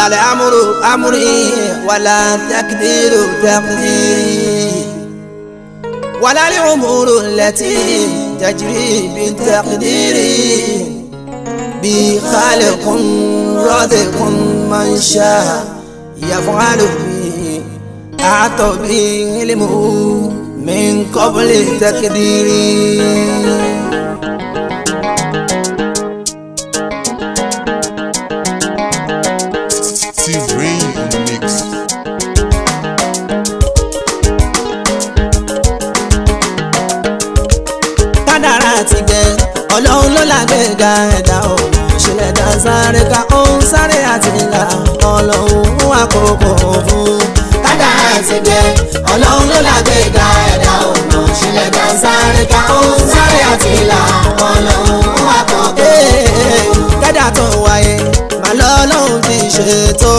لا الأمر أمري ولا تقدير تقديري ولا الأمور التي تجري بتقديري بي خالق رازق من شاء يفعل بي أعطى به علمه من قبل تقديري lòun àkókò fún kádà àti gbé ọlọ́run ló làgbéga ẹ̀dá ọ̀nà ṣílẹ̀ tó ń sáré ká ó ń sáré àti ìlà ọlọ́run àkókò fún. kádà tó ń wáyé màá lọ ọlọ́run ti ṣètò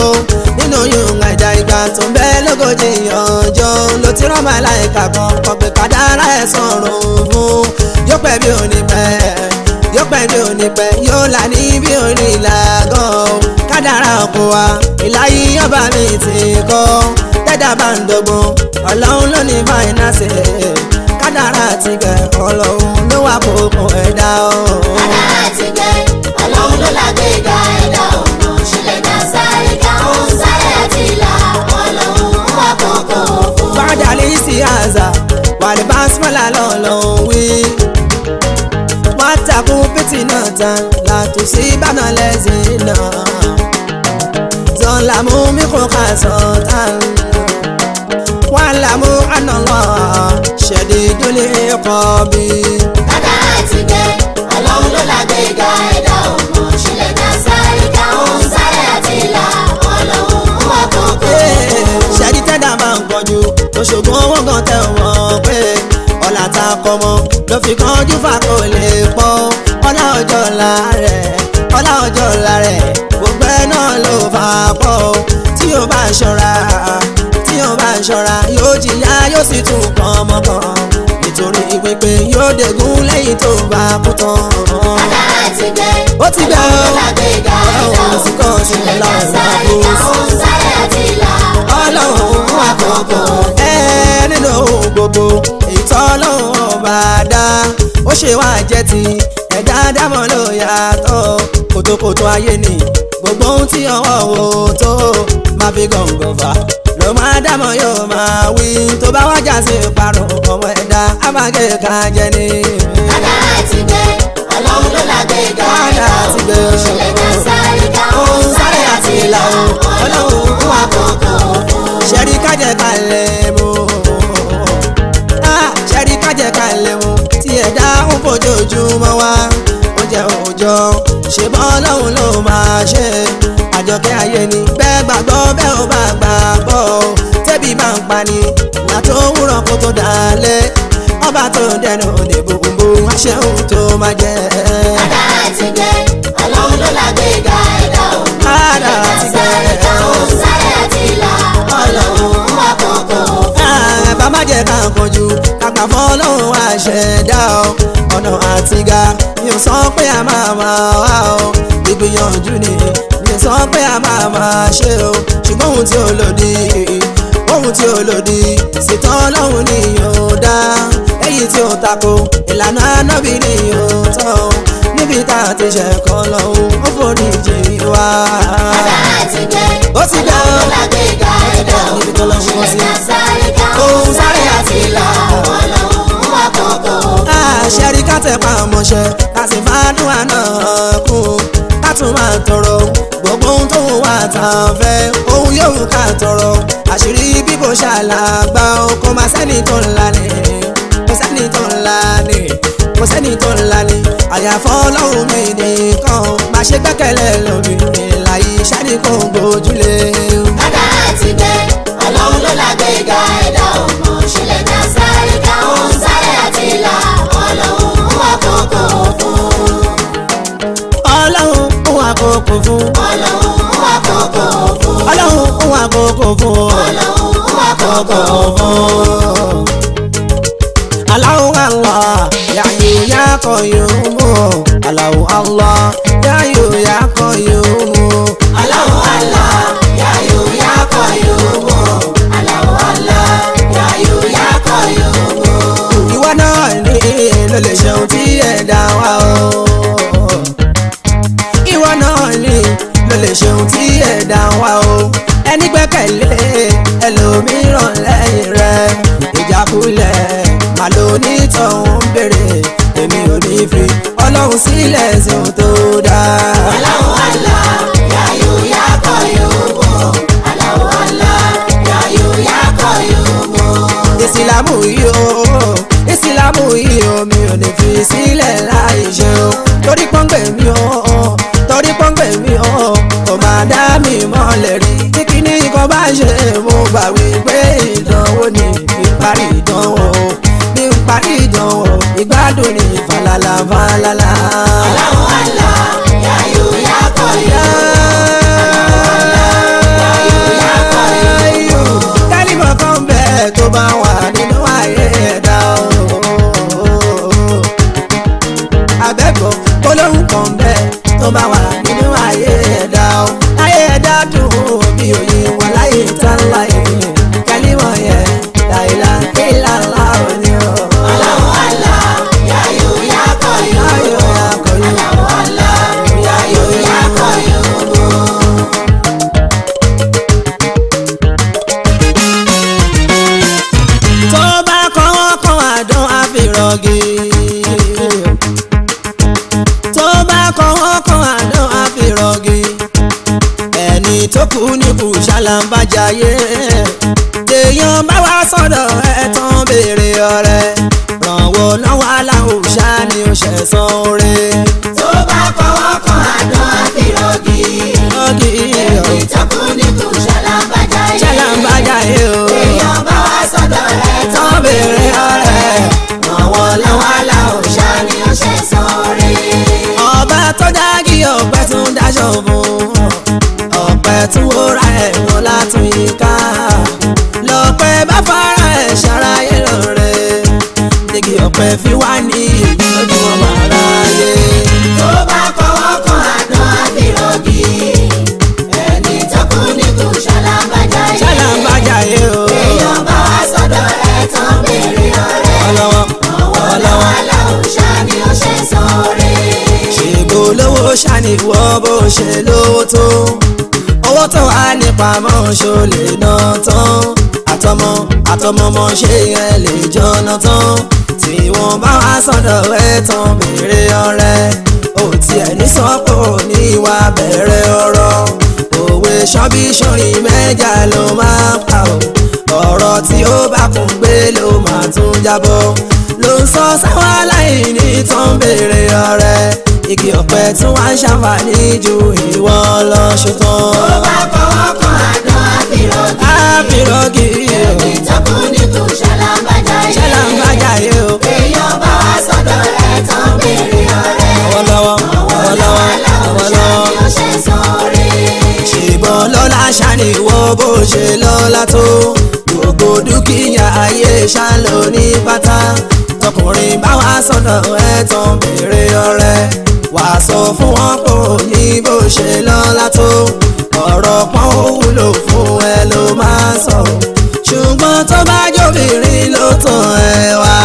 nínú yòówá ìdá ìgbà tó ń bẹ lógójì ọjọ́ ló ti rán màláìka kan kọ pé kádàrá ẹ̀ sọ̀rọ̀ fún yóò pẹ́ bí òní pẹ́ yóò pẹ́ bí òní pẹ́ yóò là ní bí òní làgọ́ kádàrá ọkọ wa ìláyé ọba mi ti kọ́ tẹ́dà bá ń dọ́gbọ́n ọlọ́run ló ní fáìnàṣẹ kádàrá ti gẹ̀ ọlọ́run ló wà kókó ẹ̀dá o. kádàrá ti gẹ̀ ọlọ́run ló lágbè dá ẹ̀dá ọ̀nà ṣẹlẹ̀ dá sáré káwọn sáré àti ìlà ọlọ́run wà kókó òfò. bàdà lè ṣí àzà wàlẹ̀ bá sọ́là lọ́lọ́run wí wọ́n takùn pìtì náà tán látòsí bánà lẹ́sìn. واعلم بقوق سلطان واعلم أن الله شديد العقاب. dada ti dé ọlọ́run ló lágbèéga ẹ̀dá ọmọ ṣílẹ̀ ká sáré ká òun sáré àti ìlà ọlọ́run wà kókó. ṣẹ́ni tẹ́dá máa ń pọ̀jù òṣogbo wọn gan tẹ̀ wọ́n ọ̀la kọ́mọ ló fi kánjú fà kó lè pọ̀ ọlá ọjọ́ ọ̀la rẹ̀ ọlá ọjọ́ ọ̀la rẹ̀ gbogbo ẹ̀ náà ló fà pọ̀ tí o bá ṣọ́ra tí o bá ṣọ́ra yóò jìyà yóò sì tún kàn ọmọ kan nítorí pépé yóò dégún lẹ́yìn tó bá kú tán. bàbá ti gbé ó ti gbé ó ọlọ́run ti kọ́ sí ọlọ́run wà kó ọlọ́run wà kọ̀ọ̀kan ẹ nínú gbogbo ọlọ́run ọba dá ó ṣe wá jẹ́ ti ẹ̀dá dámọ̀ ló yàtọ̀ kòtòkòtò ayé ni gbogbo ohun tí ọwọ́ wo tó máa fi gàngàn fà ló máa dámọ̀ yóò máa wí tó bá wájà sí ìparun ọmọ ẹ̀dá á máa gé ká jẹ ni. kádàrá ti gbé ọlọ́run ló làgbé ga ẹ̀dá ti ìṣẹ̀lẹ̀ kan sáré ká òun sáré àti ìlà òun ọlọ́run wà kọ̀ọ̀kan ṣẹ́rí kájẹ̀ kalẹ̀ mọ́. ojoojúmọ́ wa ó jẹ́ òòjọ́ ṣe bọ́ ọlọ́run ló máa ṣe àjọkẹ́ ayé ni bẹ́ẹ̀ gbàgbọ́ bẹ́ẹ̀ ó bá gbàgbọ́ tẹ́bí máa ń pani ìgbà tó wúrọ̀ kó tó dalẹ̀ ọba tó dẹnu òde gbogbo wá ṣeun tó máa jẹ. kádà ti gbé ọlọ́run ló lágbé ga bàbá má jẹ́ ká kánjú kápá fọ́lọ́hún àṣẹ̀dá o ọ̀nà àtìgà mi ò sọ pé a máa máa wá o ìgbìyànjú ni mi ò sọ pé a máa máa ṣe o ṣùgbọ́n ohun tí ò lòdì ohun tí ò lòdì ṣètò ọlọ́run ni yóò dá èyí tí ò tako ìlànà ànábì ni yóò tọ́ o níbi tá a ti ṣe kọ́ lọ o ó forí jì wá. ó ti gbẹ ó ẹ̀dá níbi tó lọ́wọ́ wọn sí. òun sáré àti ìlà ọlọ́run wà kọ̀ọ̀kọ̀. àṣẹrí ká tẹ̀ pa àmọ̀ṣẹ́ ká sì máa dúwà náà kún ká tún máa tọrọ gbogbo ohun tó wà tá a fẹ́ ohun yóò ká tọrọ àṣírí bíbò ṣàlàgbà o kò sẹ́ni tó ńlá ni sẹ́ni tó ńlá ni kò sẹ́ni tó ń lani àyàfọ́ ọlọ́run mi nìkan má ṣe gbẹ́kẹ̀lé lómi ìlà iṣẹ́ ni kò ń gbójúlé. kádàrá ti gbẹ ọlọ́run ló lágbé ga ẹ̀dá ọmọ ṣílẹ̀ ká sáré ká ó sáré àti ìlà ọlọ́run wà kókó fún. ọlọ́run wà kókó fún. ọlọ́run wà kókó fún. ọlọ́run wà kókó fún. ọlọ́run wà kókó fún. Allahu Allah Ya'yu ya Qayyumu Allahu Allah Ya'yu ya Qayyumu Allahu Allah Ya'yu ya Qayyumu Allahu Allah Ya'yu ya Qayyumu. Ìwọ náà ní ló lè ṣeun tí ẹ̀dá wa o. Ìwọ náà ní ló lè ṣeun tí ẹ̀dá wa o. Ẹni gbẹ́kẹ̀lé. ọlọ́run sílẹ̀ sùn tó dáa. aláwọ̀ àlá yàyò yàkọ̀ yóò bọ̀ aláwọ̀ àlá yàyò yàkọ̀ yóò bọ̀. ìsìlámù yìí o ìsìlámù yìí o mi ò lè fi sílẹ̀ láì ṣe o torí pọ́npẹ́ mi o torí pọ́npẹ́ mi o kò máa dá mi mọ́lẹ̀ rí tí kíní ikọ̀ bá ṣe mo gbà wípé ìdánwò ni ìparí ìdánwò ní ìparí ìdánwò ìgbádùn ní falala falala. vamos nìwọ bó ṣe lówó tó owó tó a nípamọ́ ṣó lè ná tán àtọmọ àtọmọmọ ṣé yẹn lè jọ́nà tán tí wọ́n bá wá sọ̀dọ̀ ẹ̀ tán béèrè ọ̀rẹ́ ò tiẹ̀ ní sọ́pọ̀ ní ìwà bẹ̀rẹ̀ ọ̀rọ̀ òwe ṣọ́bí ṣọ́rin mẹ́jà ló máa pa ọ́ ọ̀rọ̀ tí ó bá kún gbé ló máa tún jábọ́ ló ń sọ sáwọn aláìní tán béèrè ọ̀rẹ́ igi ọ̀pẹ tí wọ́n ń ṣàǹfààní ju ìwọ lọ ṣetán. ó bá fọwọ́ kan àdán àfìrọ́gì. àfìrọ́gì. èmi tọkùn ní kù ṣàlàmbájá yé. ṣàlàmbájá yé o. èèyàn bá wá sọ́dọ̀ ẹ̀ tán béèrè ọ̀rẹ́. ọwọ́lọ́wọ́ ọwọ́lọ́wọ́ ọwọ́lọ́wọ́. ṣùgbọ́n lọ́lá ṣàní ìwọ bó ṣe lọ́lá tó. gbogbo dúkìá ayé ṣàlò ní pátá tọkùnrin bá wá sọ́dọ̀ ẹ̀ tán ọ̀rẹ́ wà á sọ fún wọn kò ní bó ṣe lọ́lá tó ọ̀rọ̀ pọ́n ó wúlò fún ẹ ló máa sọ ṣùgbọ́n tó bá jóbìnrin ló tàn ẹ wá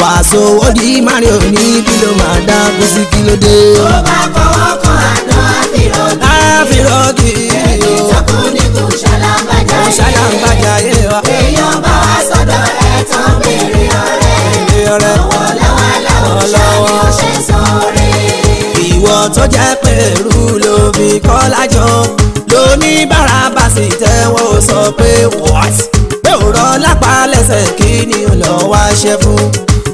wà á sọ owó di mario ní kí ló máa dá kó sí kí ló dé. ó bá fọwọ́ kan àdán àfìrọ́gì. àfìrọ́gì. èyí sọkún kò ṣàlàǹbàjà yé. kò ṣàlàǹbàjà yé wa. èèyàn bá wa sọ́dọ̀ ẹ̀ tán bèrè ọ̀rẹ́. ọ̀rẹ́. owó lọ́wọ́ lọ́wọ́ ṣáà ni ó sọ ìwọ tó jẹ́ pẹ̀lú ló fi kọ́ lájọ lóníbàárà bá sì tẹ́wọ́ sọ pé what pé òrọ̀ lápá lẹ́sẹ̀ kí ni lọ wá ṣe fún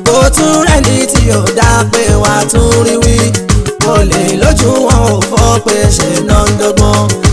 bó tún rẹ̀ tí ò dá pé wàá tún rí wí olè lójú wọn ò fọ́ pé ṣe náà ń dọ́gbọ́n.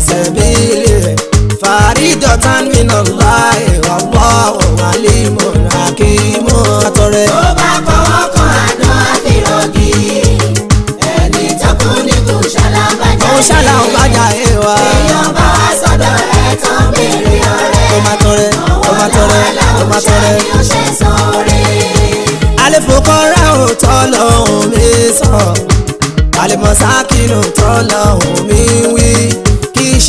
سبيله فريدة من الله والله عليم حكيم àtọrẹ. tó bá fọwọ́ kan àná àfìrọ́gì ẹni tọkùn ní kò ṣàlàbàjá ẹ̀. kò ṣàlàbàjá ẹ̀ wá. èèyàn bá wá sọ̀dọ̀ ẹ̀ tán béèrè ọ̀rẹ́. tó máa tọrẹ tó máa tọrẹ tó rẹ̀. ò tọ́ lọ́hùn mi sọ àlèmọ̀sákìlù tọ́ lọ́hùn mi wí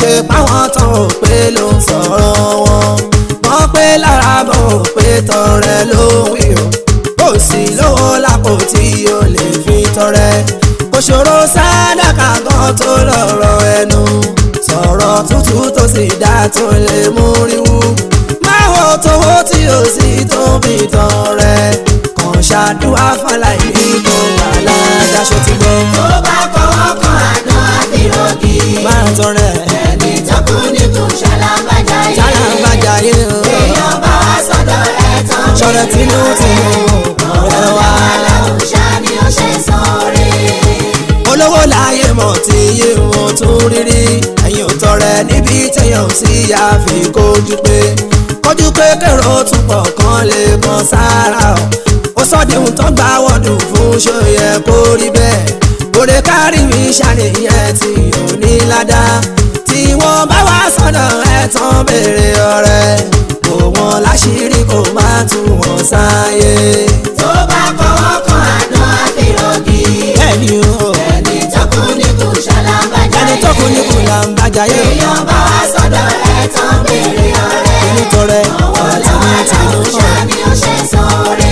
ṣe páwọn tán ò pé ló ń sọ̀rọ̀ wọn wọ́n pé lára bọ̀ ò pé tọrẹ ló ń wí o kò sí lówó lápò tí o lè fi tọrẹ kò ṣòro sádàkà gan tó lọ́rọ̀ ẹnu sọ̀rọ̀ tútù tó sì dá tó lè mú ríwú máa tówó tí o sì tó fi tọrẹ kàn ṣàdúrà fọláìní. ọlọ́run sí àfi kójú pé kójú pé kẹrọ túbọ̀ kan lè kan sára o ó sọdẹ̀hùn tó gbà wọ́dùn fún ṣó yẹ kó rí bẹ́ẹ̀ òde kárí mi ṣàníyàn tí ò ní ládàá tí wọ́n bá wá sọ̀dọ̀ ẹ̀ tán béèrè ọ̀rẹ́ kò wọ́n láṣìírí kò má tú wọn sáyé. tó bá fọwọ́ kan àná àfihàn bẹ́ẹ̀ ni o ẹni tó kún ní kò ṣàlàbàjá yé èèyàn bá dọ̀rẹ́ tán béèrè ọ̀rẹ́ ọwọ́ lọ́wọ́ta ló ṣàní ó ṣe sóore.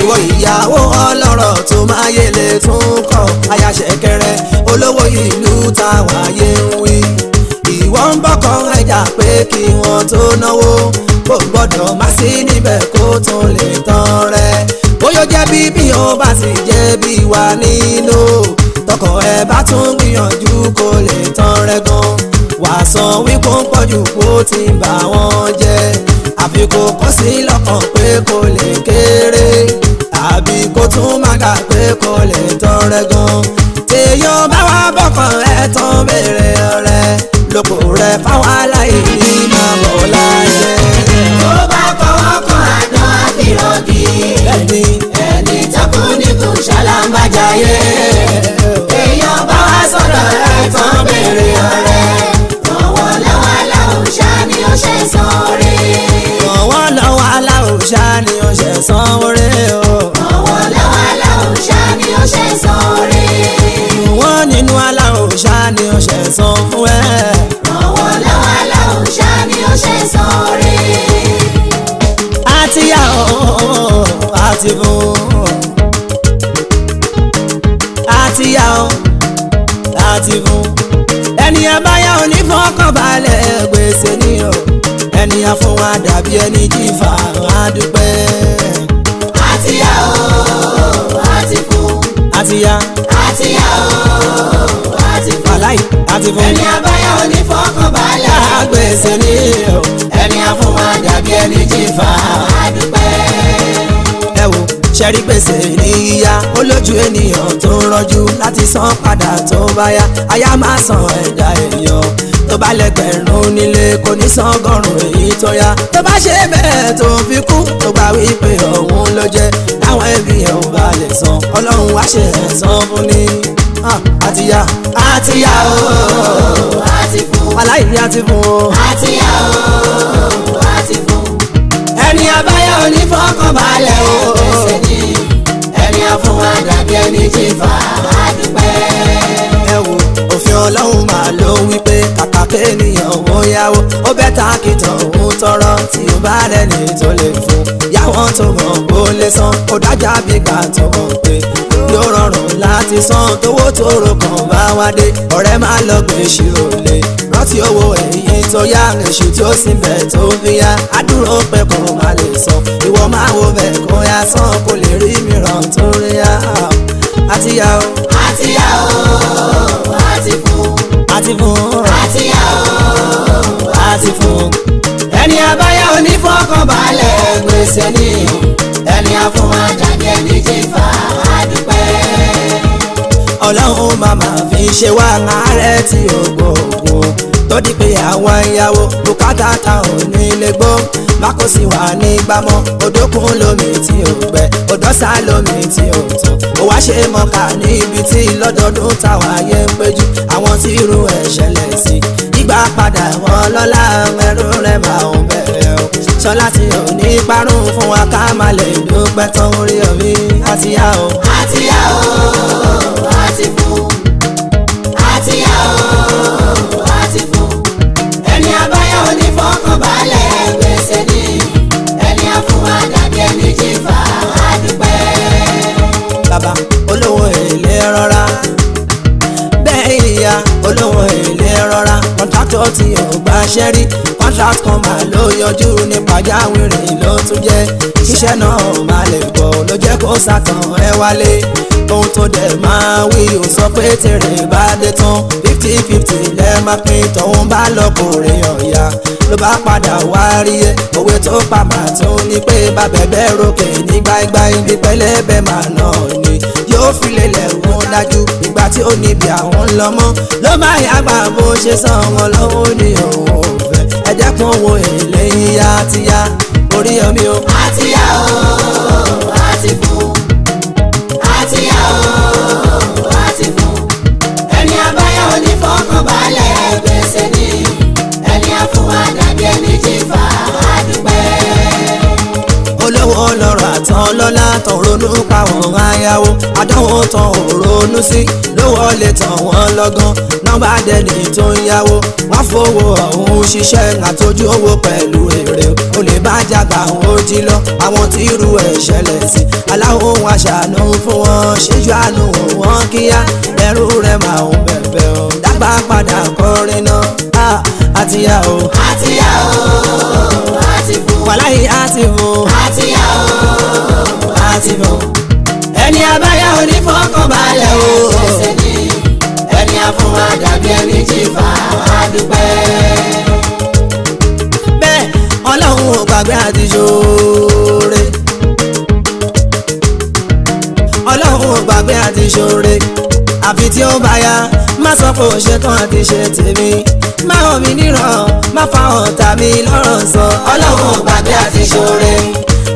ìwọ ìyàwó ọlọ́rọ̀ tó máa yẹlẹ tún kọ aya ṣẹ̀kẹ̀rẹ̀ olówó ìlú ta wáyé ń wí. ìwọ ń bọ́kọ ẹja pé kí wọ́n tó náwó kò gbọ́dọ̀ má sí níbẹ̀ kó tún tọkọ ẹ bá tún gbìyànjú kó lè tán rẹ̀ gan. Pasuma wípé ń pọ̀jù kó ti ń bà wọ́n jẹ́ àfi kó kọ́ sí lọ́kàn pé kò lè kéré àbí kó tún má dà pé kò lè tọrẹ gan èèyàn bá wà bọ̀kàn ẹ̀ tán béèrè rẹ̀ lóko rẹ̀ fáwọn alá. ti fún un àti yá ọ àti fún ẹni abáyá onífọkànbalẹ̀ gbèsè níyàn ẹni afún wa dàbí ẹni jìfà àdúpẹ́. àti yá ọ àti fún àti yá àti yá ọ àti fún aláì àti fún ẹni abáyá onífọkànbalẹ̀ gbèsè níyàn ẹni afún dàbí ẹni jìfà rí gbèsè níyà ó lójú ènìyàn tó ń rọ́jú láti san padà tó bá yá aya máa san ẹ̀dá èèyàn tó bá lẹ́gbẹ̀rún nílé kò ní san ọgọ́rùn-ún èyí tó yá tó bá ṣe bẹ́ẹ̀ tó fi kú tó gbà wípé òun ló jẹ́ láwọn ẹbí ẹ̀ ò bá lè san ọlọ́run wá ṣe ẹ̀san fún ni àtìyá àtìyá o àti fún aláìní àti fún o àtìyá o àti fún ẹni abáyá onífọkànbalẹ̀ o kéèyàn owó yáwó ó bẹ́ ta kìtàn òun tọrọ tí ó bá rẹ́ni tó lè fún yàwó tó mọ̀ kó lè san ó dájà bí ká tó mọ̀ pé yóò rọrùn láti san tówó tóró kan bá wá dé ọ̀rẹ́ má lọ gbé ṣírò lé rántí owó èyí tó yá èṣù tí ó sì bẹ̀ tó fi yá àdúró pẹ́ kò má lè san ìwọ máa wo bẹ̀ kó yá san kó lè rí mìíràn tó rí yá àtìyá o. àtìyá o àti fún. àti yá o àti fún. ẹni abáyá onífọkànbalẹ̀ gbèsè ni ẹni afún àjàgbé ní jìfà àdúpẹ́. ọlọ́run màmá fi ṣe wá àárẹ̀ tí ó gbogbo ó di pé àwọn ìyàwó bùkátà táwọn ní ilé gbọ́ mákò sì wà ní gbámọ́ odókun lómi tí ò gbẹ odọ́sà lómi tí ò tán ó wá ṣe mọ̀ká ní tí lọ́dọọdún táwọn ayé ń péjú àwọn tí irú ẹ̀ ṣẹlẹ̀ sí gbígbà padà wọn lọ́la ẹrú rẹ̀ máa ń bẹ̀rẹ̀ o ṣọlá tí ò ní parun fún wa ká má lè dúpẹ́ tán orí omi àti yá o. àti yá o àti fún àti yá o. wọn èlé rọra kọ́ńtàtọ̀ tí ò gbaṣẹ́ rí contract kan máa ló yọjú ní pàjáwìrì ló tún jẹ́ iṣẹ́ náà máa lè pọ̀ ló jẹ́ kó sàtàn ẹ wálé ohun tó dẹ̀ máa wí ò sọ pé tèrè bá dé tán fifty fifty lẹ́ máa pín tọ́hún bá lọ́kùnrin ọ̀yà ló bá padà wá rí ẹ òwe tó pa màá tó ní pé bàbẹ̀ bẹ́ẹ̀ ròkè ní gbáígbáí bí pẹ́lẹ́bẹ̀ màá náà ní ó fi lélẹ̀ òun dájú ìgbà tí ó níbi àwọn ń lọ mọ́ ló má yá gbà bó ṣe san wọn lọ́wọ́ ní òun òfẹ́ ẹ̀jẹ̀ kan wo èlé yíyá àtiyá orí omi o àtiyá o. tán ronú pa wọn ayáwó àdánwò tán ò ronú sí ló wọlé tán wọn lọ́gán nọ́mbà dẹni tó ń yáwó wọ́n fowó ọ̀hún ṣiṣẹ́ àtọ́jú owó pẹ̀lú èrè o lè bá jàgbá ó jí lọ àwọn tí irú ẹ̀ ṣẹlẹ̀ sí aláwọ̀ ohun àṣàánú fún wọn ṣíjú àánú wọn kíá ẹrú rẹ̀ máa ń bẹ̀bẹ̀ o dágbà padà kọrin náà ah, àtìyá o. àtìyá o wàláhì àti mọ̀. àti yá o àti mọ̀. ẹni abáyá onífọkànbalẹ̀ o. ṣẹṣẹ ni ẹni afún wa dàbí ẹni jìfà á dúpẹ́. bẹ́ẹ̀ ọlọ́run ò gbàgbé àti ṣoore. ọlọ́run ò gbàgbé àti ṣoore àfi tí ó bá yá má sọ pé òṣè tán àti ṣe tèmi má hàn mí níràn má fa ọ̀tá mi lọ́rọ̀ sọ ọlọ́run ò gbàgbé àti ṣoore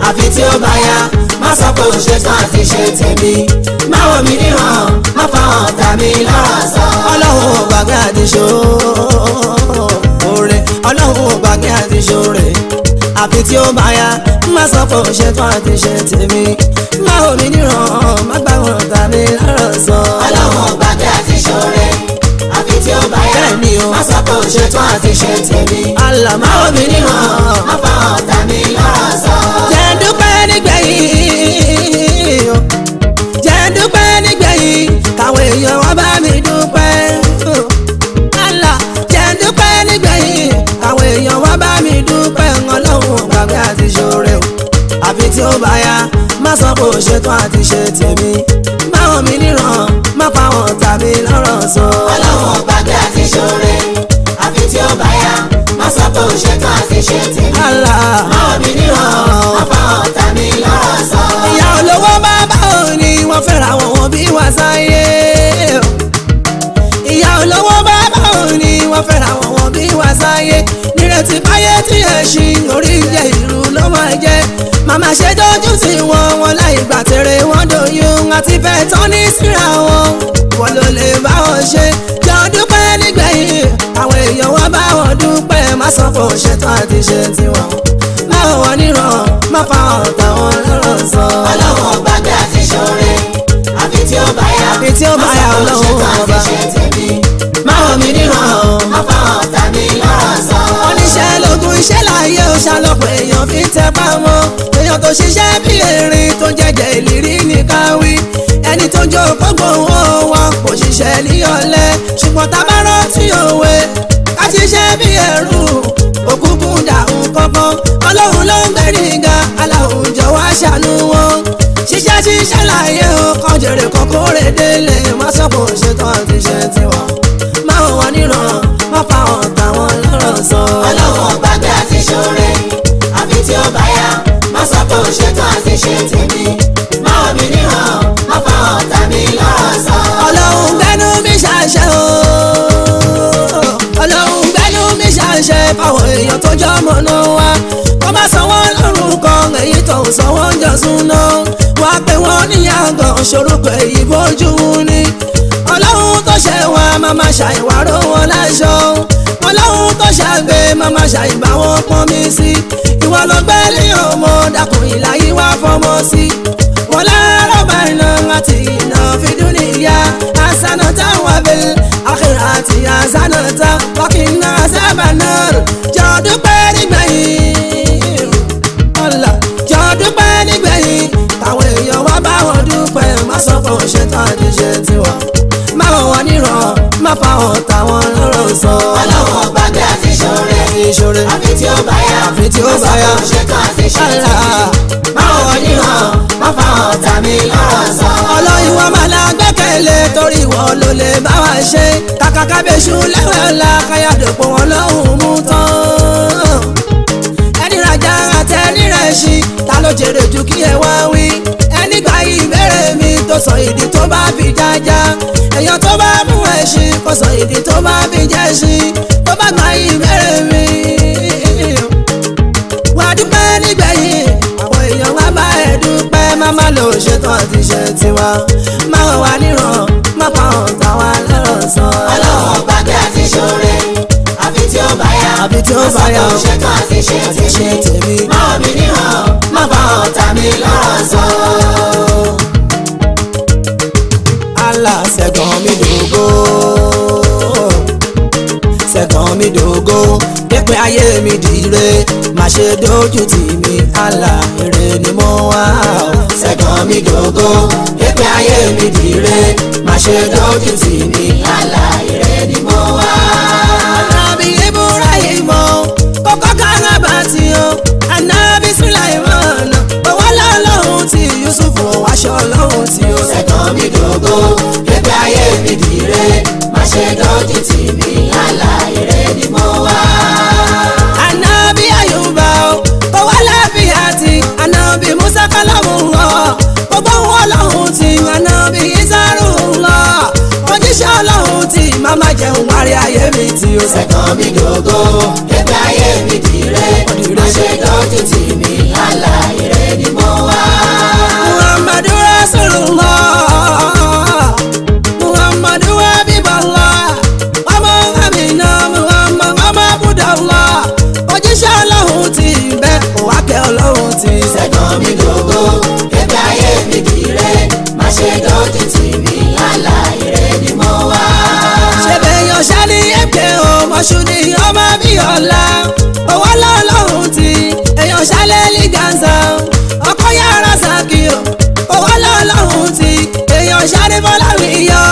àfi tí ó bá yá má sọ pé òṣè tán àti ṣe tèmi má hàn mí níràn má fa ọ̀tá mi lọ́rọ̀ sọ ọlọ́run ò gbàgbé àti ṣoore ọlọ́run ò gbàgbé àti ṣoore àfi tí ó bá yá má sọ pé òṣè tán àti ṣe tèmi má hàn mí níràn má gbàgbé ọ̀tá mi lọ́rọ̀ sọ ọlọ́run ò gbàgbé àti ṣoore bẹ́ẹ̀ ni o. Má sọ pé o ṣe tán àti ṣe tèmi. Àlàmá omi ni hàn. Má fa ọ̀tá mi lára sọ. Jẹ́ dúpẹ́ nígbẹ̀yìn. Jẹ́ dúpẹ́ nígbẹ̀yìn. Káwọn èèyàn wọn bá mi dúpẹ́. Àlà jẹ́ dúpẹ́ nígbẹ̀yìn. Káwọn èèyàn wọn bá mi dúpẹ́. Ọlọ́run ò gbàgbé àti ṣoore o. Àfi tí ó bá yá, má sọ pé o ṣe àti ṣe tèmi. ṣoṣo. ọlọ́run ọba gbé àti ṣoore àfi tí ó bá yá má sọ pé ó ṣetán àti ṣe tèmi. má omi níhàn má fa ọ̀tá mi lọ́rọ̀ sọ. ìyá olówó bàbá òun ni wọ́n fẹ́ra wọn wọn bí wà sáyé. ìyá olówó bàbá òun ni wọ́n fẹ́ra wọn wọn bí wà sáyé. nírètí báyé tí ẹ ṣí orí ìlú ló máa jẹ. màmá ṣe dójú sí wọn wọn láì gbàtẹ̀rẹ̀ wọn dòyún àti bẹ́ẹ̀ tán ní síra wọn. má sọ pé òṣè tó àti ṣe tiwọn láwọn wọn níran má fa ọ̀tá wọn lọ́rọ̀ sọ. ọlọ́run ọba bí a ti ṣe oore àfi tí ó bá yá àfi tí ó bá yá ọlọ́run ọba máwọn mi níran má fa ọ̀tá mi lọ́rọ̀ sọ. oníṣẹ́ lógún iṣẹ́ láàyè ó ṣàlọ́pọ̀ èèyàn fi tẹ́ bá wọn èèyàn tó ṣiṣẹ́ bí erin tó jẹjẹ ìlérí nìkan wí ẹni tó jó gbogbo owó wa kò ti ṣe bí ẹ̀rù òkùnkùn dàrún kankan ọlọ́run ló ń gbẹ̀rí ga aláwọ̀ jọ̀wọ́ ṣàánú wọn ṣiṣẹ́ ṣiṣẹ́ láàyè o kan jèrè kan kó rè délé má sọ̀kò ṣetán àti ṣe tiwa má hàn wọn níran má pa hàn táwọn lọ́rọ̀ sọ. ọlọ́run ọba gbé àti ṣoore àfi tí ó bá yá má sọ̀kò ṣetán àti ṣe tèmi. èèyàn tó jọ mọ̀nà wa kó má sanwó lórúkọ èyí tó ń sanwó ń jọ̀sùn náà wá pé wọ́n níyàgò ṣorúkọ èyí bójú ni ọlọ́run tó ṣe wa máma ṣàìwárò wọn láṣọ ọlọ́run tó ṣàgbé máma ṣàìbáwọ́ pọ́nmi sí ìwọ ló gbẹ́lẹ́ ọmọ dàkùn ìlà wá fọmọ sí. ولا ربعنا عتينا في دنيا حسنة وفي الآخرة حسنة وقنا عذاب النار جاد بني بني الله جاد بني بني táwọn èèyàn wá bá wọn dúpẹ́ má sọ fún ṣe tó àdíṣe tiwa má wọ wọn nírọ̀ má fa wọn táwọn lọ́rọ̀ sọ. ọlọ́wọ́ ọba bí a ti ṣoore àfi tí ó bá yá àfi tí ó bá yá ló lè bá wa ṣe kàkàkà bẹ́ṣu lẹ́wẹ̀ ọ̀la káyàdópò wọn lọ́hùn mú tán. ẹni rajà àti ẹni rẹ̀ ṣí ta ló jèrè ju kí ẹ wá wí. ẹni gba ìbéèrè mi tó sọ ìdí tó bá fi jájá èèyàn tó bá mú ẹ ṣí kó sọ ìdí tó bá fi jẹ́ ṣí tó bá gba ìbéèrè mi. wà á dúpẹ́ nígbẹ̀yìn àwọn èèyàn wá bá ẹ dúpẹ́ má má lò ṣetán àti ṣe tiwa má wà wá bàbá ọ̀gbà wa lọ́rọ̀ sọ. ọlọ́run ọba bí a ti ṣoore àfi tí ó bá yá àfi tí ó bá yá o ṣètò àti ṣe ti ṣe tèmi. máa mi níhàn má bá ọ̀tá mi lọ́rọ̀ sọ. aláṣẹ̀gàn mi dògó ṣẹ̀gàn mi dògó pẹ́pẹ́ ayé mi dìre má ṣe dójú tì mí àlà ni mo wá. ṣẹ̀gàn mi dògó pé ayé mi di rẹ má ṣe dọ́kìtì ní àlàyé rẹ ni mo wá. Ànábì Ibrahim mọ́ kọ́kọ́ kára bá ti o Ànábì Sulaiman owó lọ́lọ́run ti Yusuf wáṣọ lọ́run ti o. Ṣẹ̀tàn mi dògó pé ayé mi di rẹ má ṣe dọ́kìtì ní àlàyé. ayé mi tí ó ṣe kàn mí dògo. Kẹta ayé mi dì ní Fọláwíyọ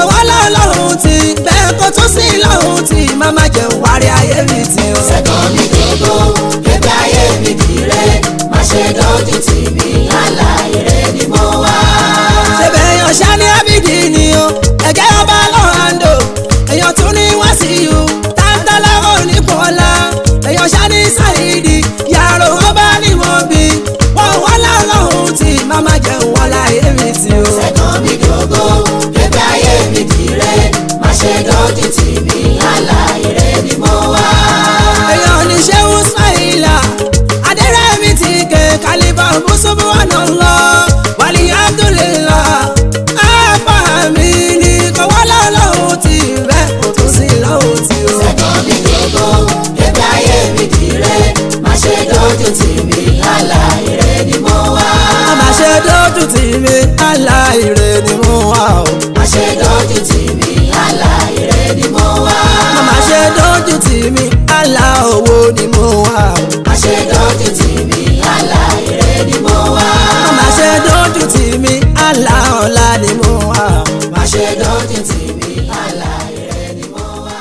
owó lọ́lọ́run ti bẹ́ẹ̀ kó tún sí lọ́hùn ti má má jẹun wárí ayé mi ti o. àlà owó ni mo wà. àṣedójú tì mí àlà ire ni mo wà. má ṣe dójú tì mí àlà ọ̀la ni mo wà. má ṣe dójú tì mí àlà ire ni mo wà.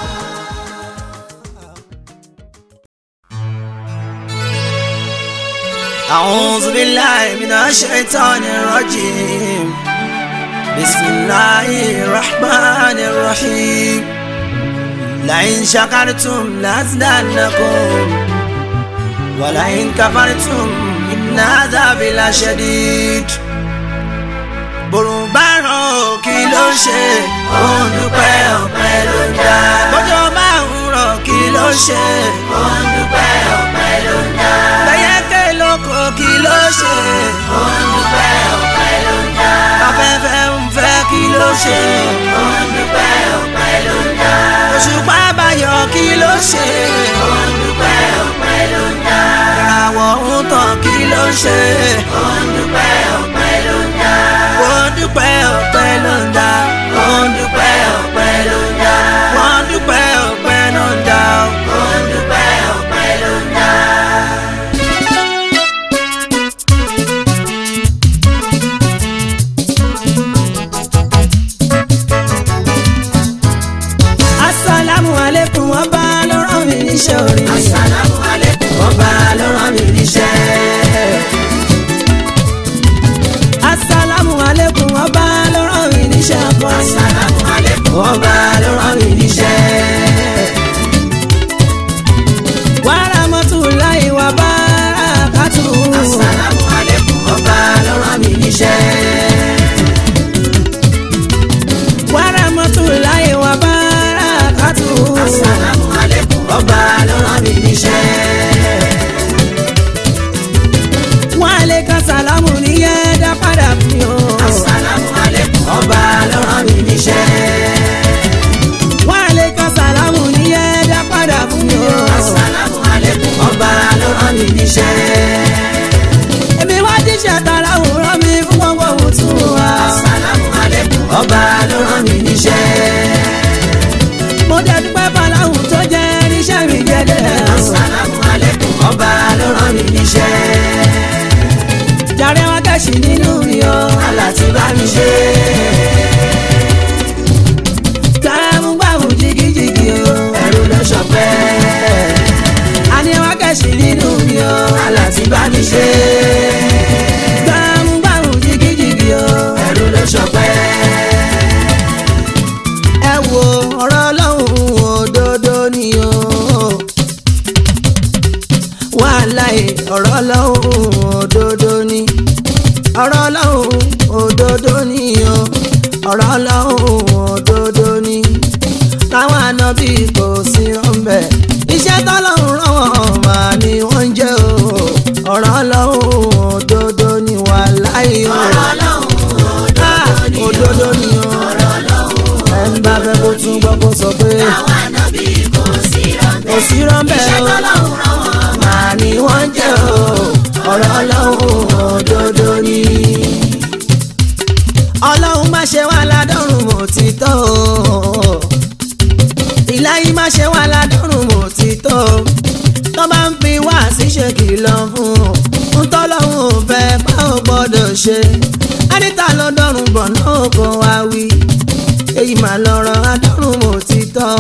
أعوذ بالله من الشيطان الرجيم بسم الله الرحمن الرحيم لئن شكرتم لأزدانكم ولئن كفرتم إن عذابي لشديد bòrùn bá ràn ó kí ló ṣe òun dúpẹ́ ọpẹ́ ló ń dá. bọ́jọ́ máa ń ràn kí ló ṣe òun dúpẹ́ ọpẹ́ ló ń dá. bẹ́yẹ́kẹ́ lóko kí ló ṣe òun dúpẹ́ ló ń dá. afẹ́fẹ́ ń fẹ́ kí ló ṣe òun dúpẹ́ hallelujah. òṣùpá àbáyọ kí ló ṣe. òun dúpẹ́ òpin ló ń dá. ìràwọ̀ ń tàn kí ló ṣe. òun ṣe anita lọ́dọ́rùn bọ̀ náà kò wá wí èyí mà lọ́rọ̀ adọ́rùn mò ti tọ́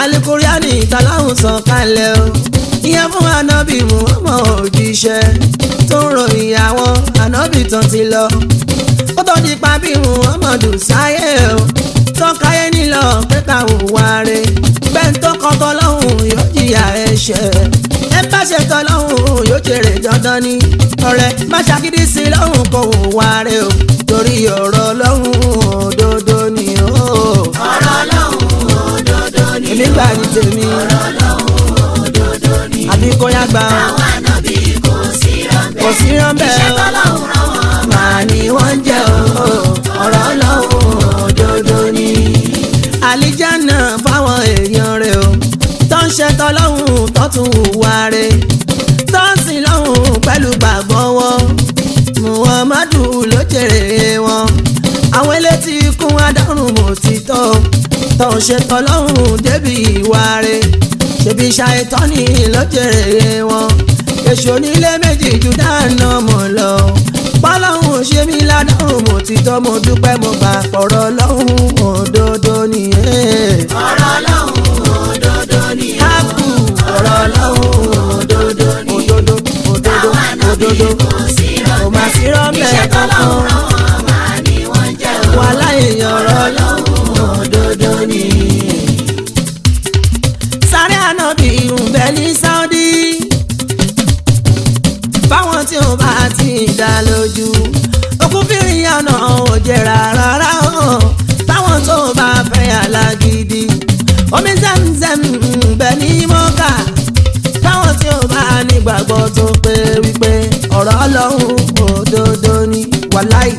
alikoria ní ìtàláhùn sàn kalẹ̀ o ìyẹn fún anábì Muhammad òjíṣẹ́ tó ń ròyìn àwọn anábì tán ti lọ ó tó nípa bí Muhammad sáyé o tọ́káyé nílọ pẹ́ta òwà rẹ̀ bẹ́ẹ̀ tó kọ́ tọ́lọ́hùn yóò jìyà ẹ̀ṣẹ̀ ẹ bá ṣe tọ́lọ́hùn jèrè dandan ni ọ̀rẹ́ má ṣàgídí sí lọ́hùn kò wá rẹ̀ o torí ọ̀rọ̀ lọ́hùn òdodo ni o. ọ̀rọ̀ lọ́hùn òdodo ni o. èmi gbà ní tèmi. ọ̀rọ̀ lọ́hùn òdodo ni o. àbí kó yá gbà. àwọn ànábì kò sí rọ́ńbẹ́. kò sí rọ́ńbẹ́ o. ìṣẹ́ tọ́lọ́hùn rán wọn. màá ní wọ́n jẹ́ o. ọ̀rọ̀ lọ́hùn òdodo ni. àlìjáná fáwọn èèyàn rẹ̀ o tó ń ṣe tọ́lọ́hùn tó tún wà rẹ̀ tọ́sìn lọ́hùn pẹ̀lú bàbọ̀ wọn muhammadu ló jèrè wọn àwọn elétí ikún adárùn mọ̀ títọ́ tó ń ṣe tọ́lọ́hùn débi ìwà rẹ̀ ṣebí ṣàìtọ́ni ló jèrè wọn èṣù onílé méjì ju dáná mọ̀ lọ bọ́lọ́hùn ṣe mí ládàrún mo ti tọ́ mo dúpẹ́ mo gbà ọ̀rọ̀ lọ́hùn òdodo ni. ọ̀rọ̀ lọ́hùn òdodo ni. hápù ọ̀rọ̀ lọ́hùn òdodo òdodo kò má sí rọ́mẹ̀ kankan wà láyèyàn rọ́lọ́ òdodo ni. sáré ànábì ìhùnbẹ́ ní Saudi fáwọn tí wọn bá ti dá lójú okúnfìrí ọ̀nà ò jẹ̀rà rárá o táwọn tó bá fẹ́ alágídí omi zẹ́mzẹ́m ń bẹ ní mọ́kà táwọn tí ó bá nígbàgbọ́ tó pé wípé ọ̀rọ̀ ọlọ́run òdodo ni wàláì.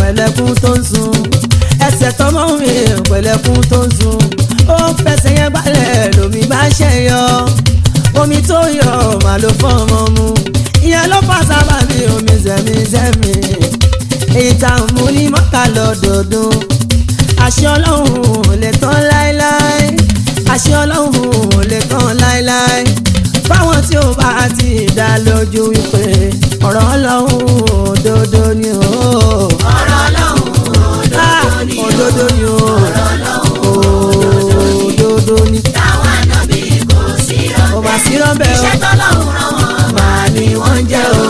pẹ̀lẹ́kún tó ń sun ẹsẹ̀ tọmọ mi pẹ̀lẹ́kún tó ń sun ó fẹsẹ̀ yẹn gbalẹ̀ lómi bá ṣe yọ omi tó yọ mà ló fọ́ ọmọ mu ìyẹn ló fà sábà bí omi zẹ̀mizẹ̀mi èyí mú ní mọ́ta lọ́dọọdún àṣẹ ọlọ́run ò lè tán láéláé àṣẹ ọlọ́run ò lè tán láéláé ó bá ti dá lójú wípé ọ̀rọ̀ ọlọ́run òdodo ni o. ọ̀rọ̀ ọlọ́run òdodo ni o. ọ̀rọ̀ ọlọ́run òdodo ni. táwọn ànábì kò sí ọbẹ̀ iṣẹ́ tọ́lọ́run rán wọn máa ni wọ́n jẹ́ o.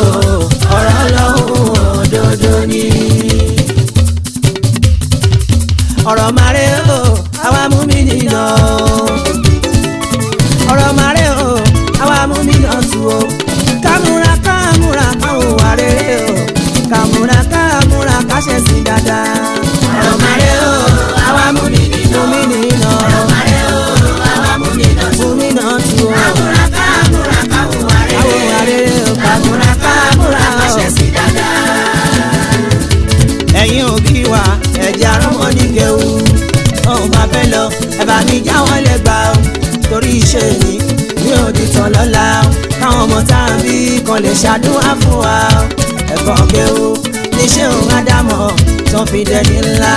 fi dẹni ńlá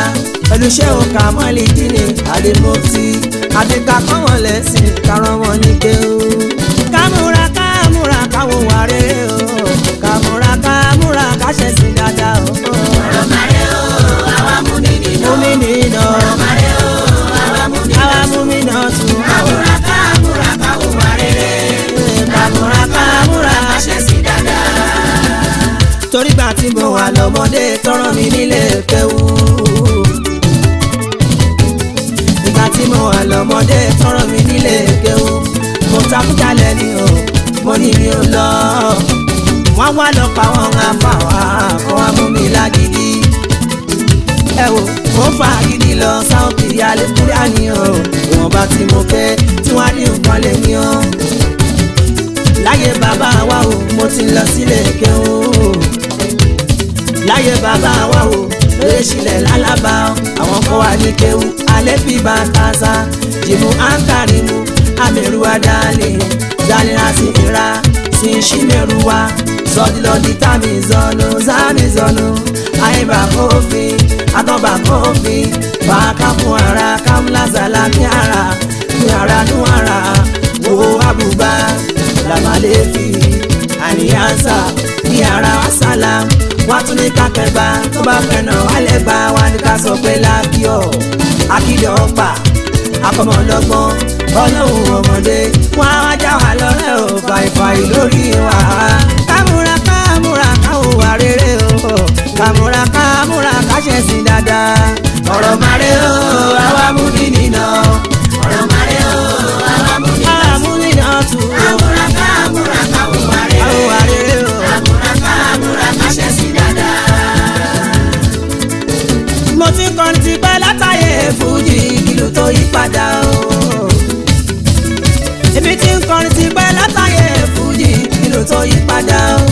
pẹ̀lú ṣé o kà mọ́ lìdílé àlèmọ́tì kọ́ wọn lẹ́sìn karọ́ wọn ní kéwú. kámúra kámúra káwọ wàré o kámúra kámúra káṣẹ sí dáadáa o. ọ̀rọ̀ màrè o àwa mú mi nínà. mú mi nínà. ọ̀rọ̀ o àwa mú mi nínà. àwa mú mi nínà tún. kámúra kámúra káwọ wàré. tí mo wà lọ́mọdé tọ́rọ̀ mi nílé kéwú. ìgbà tí mo wà lọ́mọdé tọ́rọ̀ mi nílé kéwú. mo takútalẹ̀ ni o mo ní mi ò lọ. wọ́n wá lọ pa wọn ń fa wá kó wá mú mi lágídí. ẹ wo mo fa gidi lọ south ìyálé kúrẹ́ àníyàn ìwọ̀nba tí mo fẹ́ tí wọ́n á ní nǹkan lè yan láyé bàbá wa o mo ti lọ sílé kéwú láyé bàbá wa o lóyèsílẹ̀ lálábà àwọn kan wà ní kéwu alẹ́ fi bá tàṣà jìmú àǹkàrí mu àmẹ́rù àdáàlè dálẹ́ra sí ìra sí ìṣímẹ́rù wa sọdílọ́dí tàbí zọnù zánì zọnù àyèbá kófì àtọ́bà kófì bàákà fún ara kámúlázàlà ní ara ní ara ní ara owó àbúbá làmàlẹ́fì àníyànsà ní ara wàsálàmù wọ́n tún ní kákẹ́gbá tó bá fẹ́ràn alẹ́gbá wa ní ká sọ pé lábíọ̀ akídé ọ̀pá akọ́mọlọ́gbọ́n ọlọ́run ọmọdé wọ́n á wájà wà lọ́rẹ́ o fàìfàì lórí wa. kámúra kámúra káwọ wà rere o kámúra kámúra káṣẹ sí dáadáa ọ̀rọ̀ màrè o àwa mú ní nìna ọ̀rọ̀ màrè o àwa mú ní nìna kò yí padà o. èmi ti ń kọrin ti pẹ́ látàyè fújì kí ló tó yí padà o.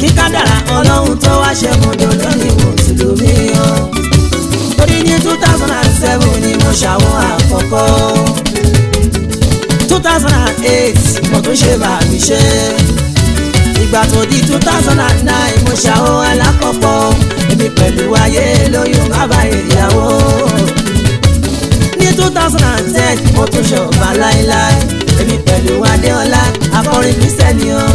kí kádàrà ọlọ́run tó wá ṣe mọ̀dọ̀ lónìí mùsùlùmí o. torí ní two thousand and seven ni mo ṣàwọn àkọ́kọ́. two thousand and eight mo tún ṣe bàbí ṣe ìgbà tó di two thousand and nine mo ṣàwọn alákọ̀ọ́kọ́ èmi pẹ̀lú ayé lóyún bàbá ìyàwó. 2010, thousand and ten mo tún ṣe ọba láéláé èmi pẹ̀lú adéọlá akọrin kristẹni o.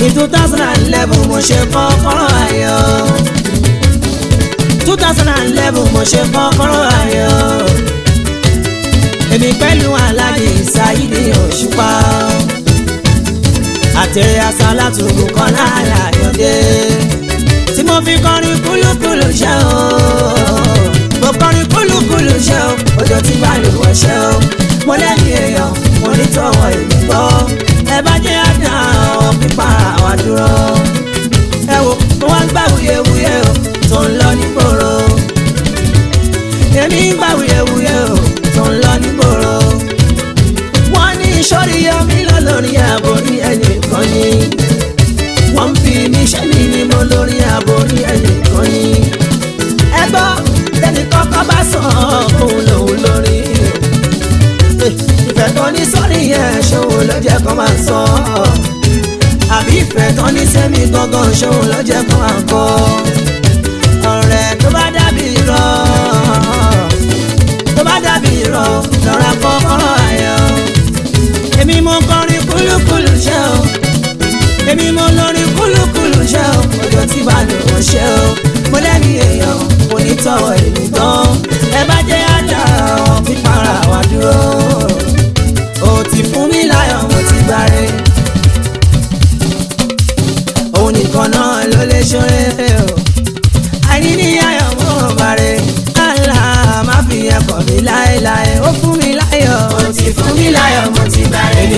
ní two thousand and eleven mo ṣe kọ́kọ́rọ́ ayọ̀. two thousand and eleven mo ṣe kọ́kọ́rọ́ ayọ̀. èmi pẹ̀lú aláàjì ṣáyídì òṣùpá. àtẹ̀rẹ̀ asálà tòun kọ́ láàyè àyọ̀dé. tí mo fi kọrin kúlúkúlù ṣe o mo kọrin ṣe o ọjọ́ tí bá lè wọ̀ ṣe o mo lẹ́yìn èèyàn mo ní tọwọ́ èmi gbọ́ ẹ bá jẹ́ àdá àwọn pípa àwọn dúró ẹ wo mo wá gbà wuyewuye o tó ń lọ nígboro èmi gbà wuyewuye o tó ń lọ nígboro wọ́n ní sórí yọmí lọ́lọ́rí ààbò ní ẹ̀yìn kan yìí wọ́n fi mí ṣẹ́ni ni mo lórí ààbò ní ẹ̀yìn kan yìí ẹ gbọ́ bá sàn fún lòun lórí eh, ìfẹ́ tó ní sọ́rí yẹn ṣòun ló jẹ́ kó máa sọ àbí ìfẹ́ tó ní sẹ́mi gangan ṣòun ló jẹ́ máa kọ ọ̀rẹ́ tó bá dàbí irọ́ tó bá dàbí irọ́ lọ́ra kọ́kọ́rọ́ ayọ̀ èmi mo kọrin kúlúkúlù ṣẹ́ o èmi mo lórin kúlúkúlù ṣẹ́ o ọjọ́ tí bá lò wọ́n ṣẹ́ o mo lẹ́ni èèyàn.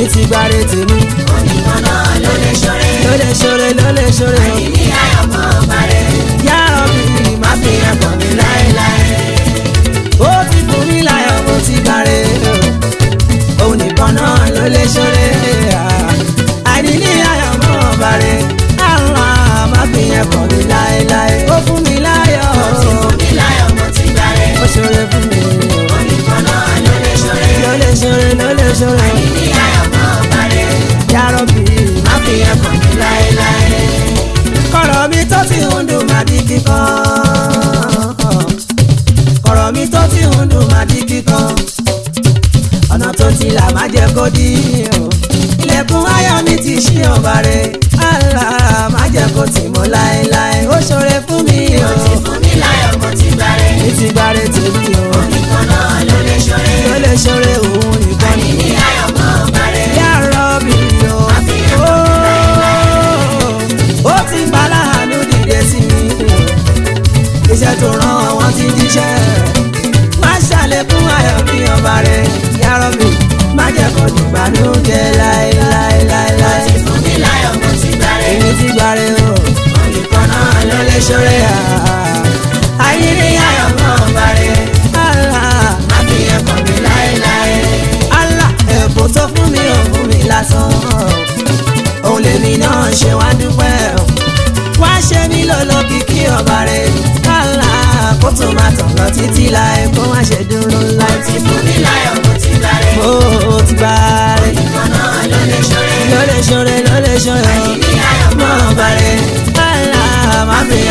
èmi ti gbáre tèmi. oníkan náà ló lè ṣoore. ló lè ṣoore ló lè ṣoore. àyìnbí ayọ̀mọ́ parẹ́. yá ọ̀bì má fi ẹ̀bọ̀ mi láéláé. ó ti fún mi láyọ̀ mo ti gbáre. oníkan náà ló lè ṣoore. àyìnbí ayọ̀mọ́ parẹ́. àwọn má fi ẹ̀bọ̀ mi láéláé. ó fún mi láyọ̀. ó ti fún mi láyọ̀ mo ti gbáre. ó ṣoore fún mi. fi ẹ̀kọ́ mi láéláé kọ̀rọ̀ mi tó ti ń dùn má di kíkọ́ kọ̀rọ̀ mi tó ti ń dùn má di kíkọ́ ọ̀nà tó ti là má jẹ́ kó dí o ilẹ̀kùn ayọ̀ mi ti ṣí ọ̀bà rẹ̀ àlà má jẹ́ kó tì mọ́ láéláé ó ṣoore fún mi o. ó ti fún mi láyọ̀ kó ti gbàre. ní ti gbàre tèmi o. omi kan náà ló lè ṣoore. ló lè ṣoore òun nìkan. àní iṣẹ́ tó rán wọn ti jíṣẹ́. má ṣàlékún ayọ̀ bí ọba rẹ̀ yàrá mi.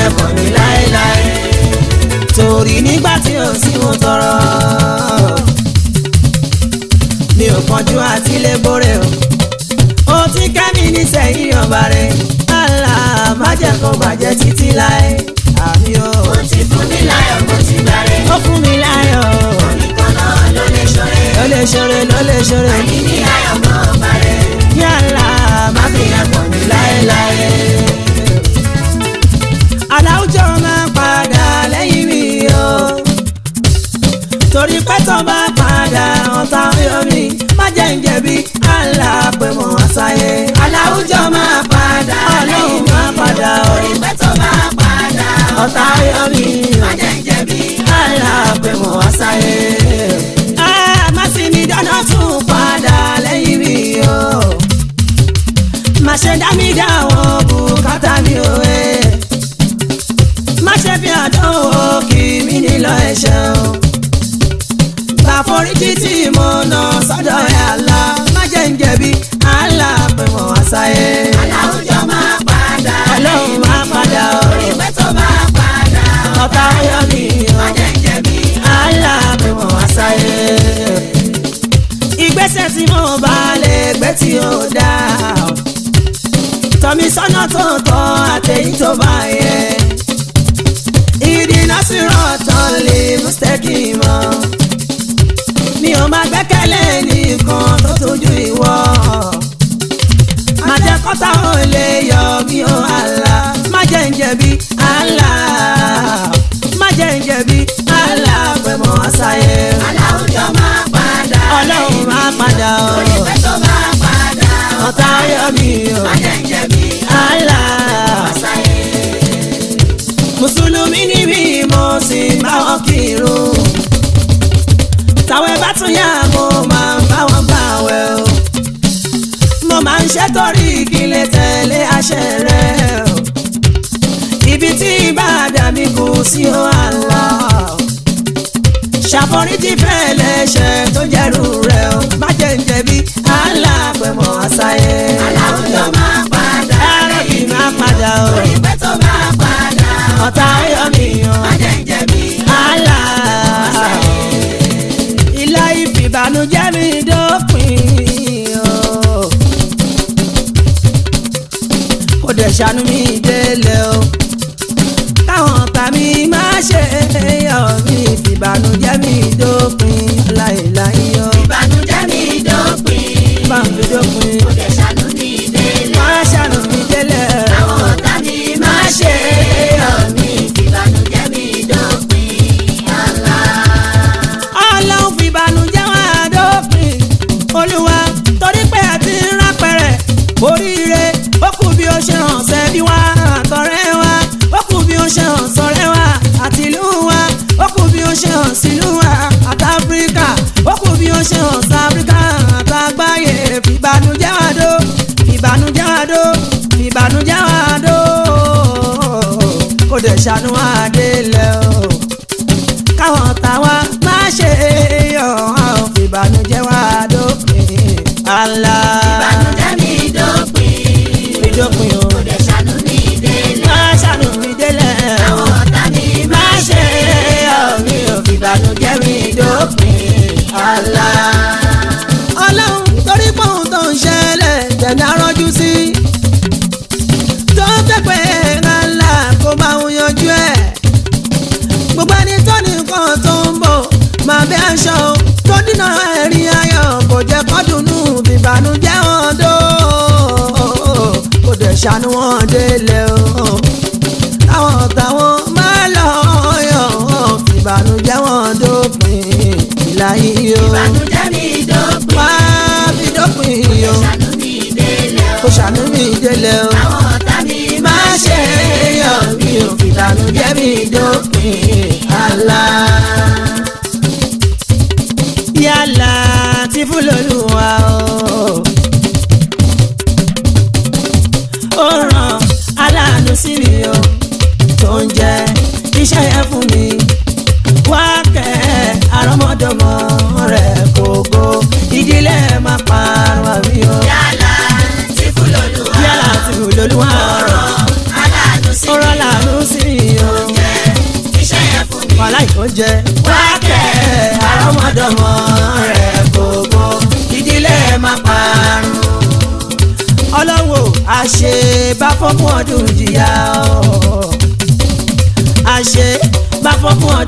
ẹ̀kọ́ ní láéláé torí nígbà tí ò sí mo tọrọ mi ò kánjú àti lè bórè o ó ti ká mi nísẹ̀yìn ọba rẹ̀ Allah má kó bàjẹ́ títí láé àmì o. ó ti fún mi láyọ̀ kó ti bàrẹ̀. ó fún mi láyọ̀. oníkan náà ló lè ṣọrẹ. ló lè ṣọrẹ ló lè ṣọrẹ. àní ní láyọ̀ mọ́ ọba rẹ̀. yálà má fi yàgò mi láéláé aláwùjọ máa padà lẹ́yìn mi o torí pẹ́tọ́ bá padà ọ̀tá omi má jẹ́ ń jẹ̀bi alápẹ̀mọ́ àṣàyẹ. aláwùjọ máa padà lẹ́yìn mi torí pẹ́tọ́ bá padà ọ̀tá omi má jẹ́ ń jẹ̀bi alápẹ̀mọ́ àṣàyẹ. a má sì mi o má dá mi dá àwọn bùkátà mi o. Eh. mi sọ́nà tó tọ́ àtẹ̀yìn tó bá yẹ. ìdìnnà sírọ̀ tán lè mustaki mọ́. mi ò máa gbẹ́kẹ̀lé nìkan tó tójú ìwọ. má jẹ́ kọ́tà ò lè yọ mí o Allah. má jẹ́ ń jẹ̀bi Allah. má jẹ́ ń jẹ̀bi Allah pé mo ń sáyé. aláwùjọ máa padà. ọlọ́run máa padà o. torí kí lè tẹ̀lé àṣẹ rẹ o ibi tí ìbàdàn mi kù sí o Allah ṣàforíjì fẹ́ lẹ́ṣẹ̀ tó jẹ́rù rẹ o má jẹ́ ń jẹ̀bi Allah pẹ̀mọ́ àṣàyẹ. aláwùjọ máa padà ẹ̀rọ yìí máa padà o orí pẹ́ tó máa padà ọ̀tá ayọ̀ mi yan má jẹ́ ń jẹ̀bi Allah. ilé ìfìbànújẹ́ mi dópin. dẹ̀ ṣàánú mi délẹ̀ o táwọn ọ̀tá mi máa ṣe èèyàn mi ìfìbànújẹ́ mi dópin láìláyọ̀. àríwá àti áfíríkà ó kù bí ó ṣe hàn sí áfíríkà àti àgbáyé fìbànújẹ́ wá dó fìbànújẹ́ wá dó fìbànújẹ́ wá dó kò dẹ̀ ṣàánú àdélẹ̀ o káwọn táwa ìbànújẹ́ hàn dó kò dẹ̀ ṣàánú wọn délé o táwọn táwọn máa lọ yọ ìbànújẹ́ wọn dópin ìlàyé o ìbànújẹ́ mi dópin máa fi dópin o kò ṣàánú mi délé o.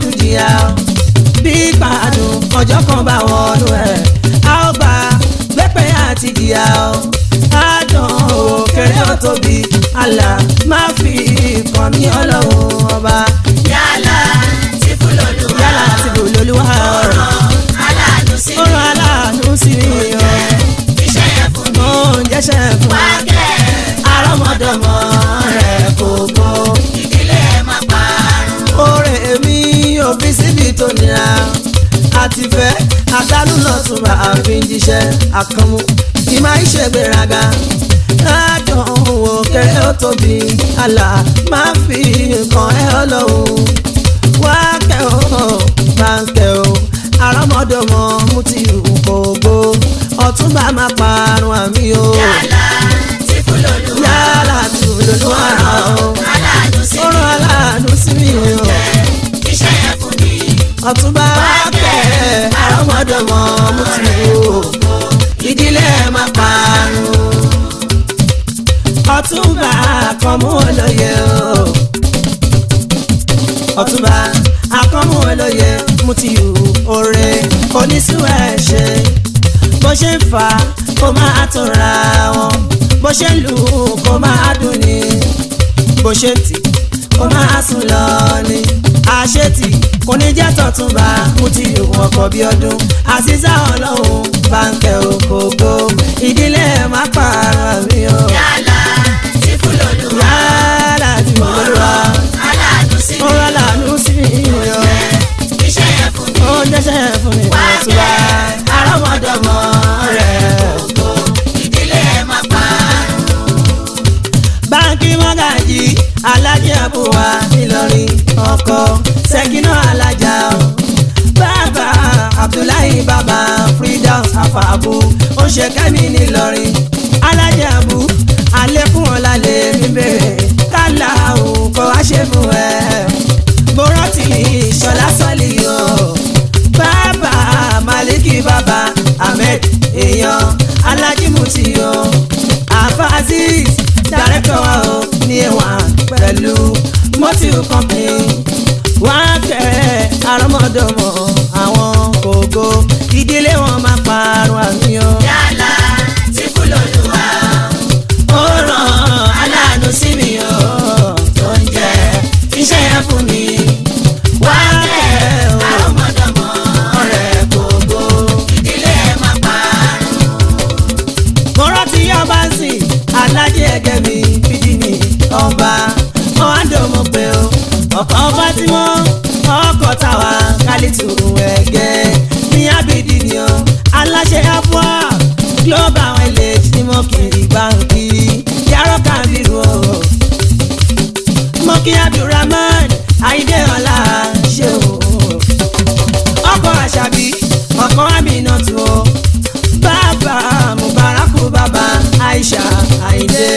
tún jìyà bí pàdùn ọjọ́ kan bá wọnú ẹ̀ a ó bá gbẹ́pẹ́ àti jìyà o àdán o kéré ó tóbi àlà má fi kàn mí ọlọ́run ọba. yálà tí fúlọ́lùwà yálà tí fúlọ́lùwà ọ̀rọ̀ aláàánú sí mi ọ̀rọ̀ aláàánú sí mi ọ̀ iṣẹ́ yẹn fún mi oúnjẹ ṣẹ́ fún mi wákẹ́ àrọ́mọdọ́mọ rẹ̀ kò gbọ́. tó ti àtìfẹ́ àdálù náà tún bá àfin jíṣẹ́ àkànmú kì máa ń ṣègbéraga rájọ òwò kẹrẹ ó tóbi àlà máa fi nǹkan ẹ ọlọ́run wá kẹ́ ọ báńkẹ́ ọ àrọ́mọdọ́mọ mú ti ìwúkọ̀ ògbó ọ̀túnba máa parun àmì o. yálà tí fúlòlù wà yálà tí fúlòlù aláàánú sí mi ọ̀túnba kẹ́ àrọ́mọdọ́mọ mú ti wò ìdílé má parun ọ̀túnba àkànmú olóye o ọ̀túnba àkànmú olóye mú ti wò oore oníṣúwẹ̀ ṣe bó ṣe ń fà kó máa tó ra wọn bó ṣe ń lù kó máa dùn ní bó ṣe tì kó máa sùn lọ ni àṣetì kò ní jẹ́ tọ̀túnba mo ti yòògùn ọkọ̀ bí ọdún àṣìṣà ọlọ́run báńkẹ́ òkòkò ìdílé ẹ̀ má pààrọ̀ mi o. yálà tí fúlò lù wá yálà tí fúlò lù wá aláàánú sí mi o o iṣẹ́ yẹn fún mi ó jẹ́ṣẹ́ yẹn fún mi wá bẹ́ẹ̀ àrọ́mọdọ́mọ rẹ̀ òkò ìdílé ẹ̀ má pààrọ̀. báńkì mọ́gàjì alájẹ́ àbúwá ńìlọrin ọkọ ṣẹ́gínà alájà o bàbá abdullahi bàbá freedom afaabu ó ṣe kẹ́mi nílọrin alájà bu alẹ́kùn ọ̀làlẹ́ mi bèrè kálá o kò wá ṣe fún ẹ mo rántí ìṣọlá sọ́lì o bàbá maliki bàbá ahmed èèyàn alájímùtì o àfáàzì dàrẹ́tọ̀ wa you come in, company wákẹ́ arọ́mọdọ́mọ. tòun ẹ̀gẹ́ ní abidi ni o aláṣẹ afua globe àwọn ilé tí mo kiri gbàǹkì yàrá kábírù o mọ́kí abdulrahman ayíǹde ọ̀la ṣe o ọkọ̀ àṣàbí ọkọ̀ àmìnà tó o bàbá mubaraku Baba, aisha ayíǹde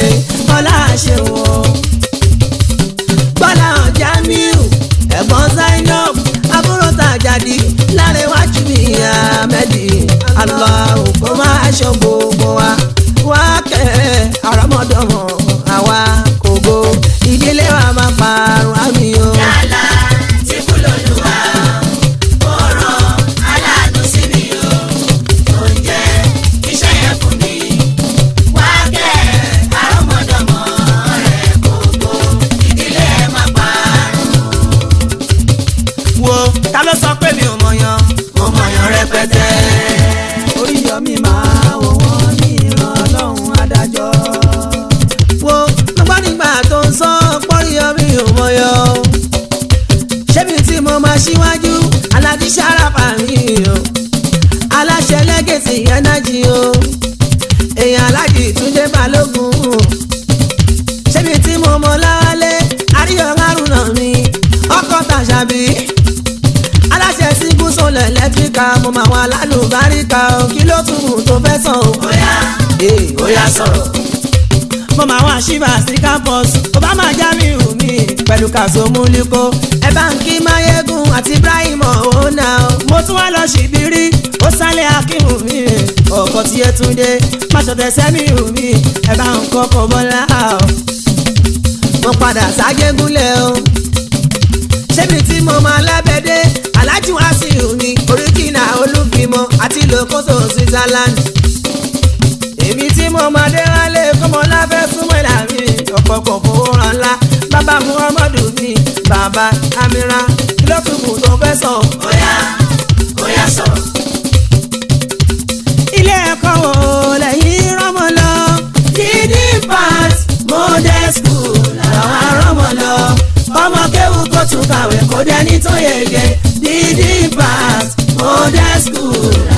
ọ̀la ṣe o. Allah kó má ṣògbó. campus obama jami mi pẹ̀lú kàsómúlíkó ẹ bá ń kí mayegun àti ibrahim ọ̀hónà mo tún wá lọ ṣìbírí ó sálẹ̀ akínwó mi ọkọ̀ tí ẹ tún dé pàṣọtẹ sẹ́mìrù mi ẹ bá ń kọ́kọ́ bọ́lá mo padà ságégúnlẹ̀ o ṣébi tí mo máa lábẹ́dẹ́ alájú àṣìrù mi oríkìnà olúfimọ àti lókòtò switzerland èmi tí mo máa dé ọkọ̀ fowó ranlá bàbá muhammadu mi bàbá amira kí ló tún kù tó fẹ́ sọ. ọ̀yá ọ̀yá sọ̀rọ̀. ilé ẹ̀kọ́ wo lẹ́yìn rọ́mọ lọ. kìdí pass model school làwọn arọ́mọ lọ. ọmọ kéwu kó tún kàwé kó dẹni tó yege. kìdí pass model school.